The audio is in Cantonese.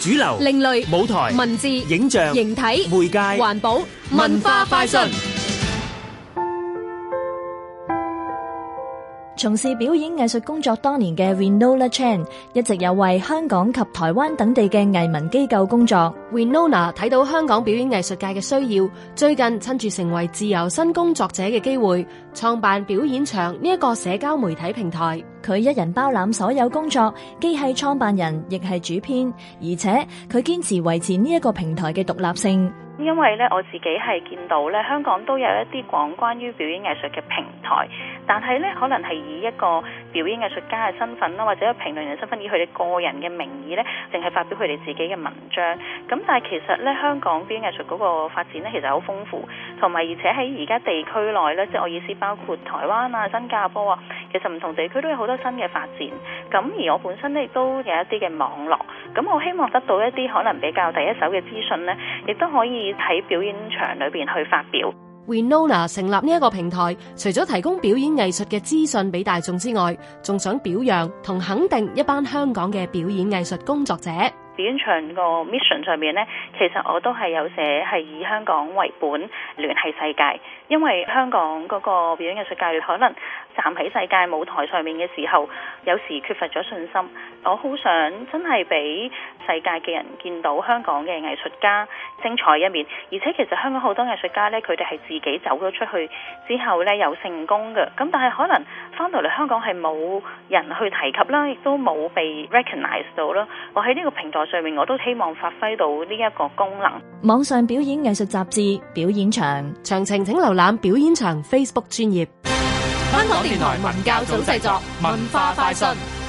主流、另類舞台、文字、影像、形體、媒介、環保、文化快訊。從事表演藝術工作多年嘅 Winona Chan 一直有為香港及台灣等地嘅藝文機構工作。Winona 睇到香港表演藝術界嘅需要，最近趁住成為自由身工作者嘅機會，創辦表演場呢一個社交媒體平台。佢一人包攬所有工作，既係創辦人，亦係主編，而且佢堅持維持呢一個平台嘅獨立性。因為咧，我自己係見到咧，香港都有一啲講關於表演藝術嘅平台，但係咧，可能係以一個表演藝術家嘅身份啦，或者評論人身份，以佢哋個人嘅名義咧，淨係發表佢哋自己嘅文章。咁但係其實咧，香港表演藝術嗰個發展咧，其實好豐富，同埋而且喺而家地區內咧，即係我意思，包括台灣啊、新加坡啊。其實唔同地區都有好多新嘅發展，咁而我本身咧亦都有一啲嘅網絡，咁我希望得到一啲可能比較第一手嘅資訊咧，亦都可以喺表演場裏邊去發表。Winona 成立呢一個平台，除咗提供表演藝術嘅資訊俾大眾之外，仲想表揚同肯定一班香港嘅表演藝術工作者。表演場個 mission 上面咧，其實我都係有寫係以香港為本，聯繫世界，因為香港嗰個表演藝術界可能，站喺世界舞台上面嘅時候，有時缺乏咗信心。我好想真係俾世界嘅人見到香港嘅藝術家精彩一面。而且其實香港好多藝術家咧，佢哋係自己走咗出去之後咧，有成功嘅。咁但係可能翻到嚟香港係冇人去提及啦，亦都冇被 recognize 到啦。我喺呢個平台上面，我都希望發揮到呢一個功能。網上表演藝術雜誌，表演場詳情請瀏覽表演場 Facebook 專業。香港電台文教組製作，文化快訊。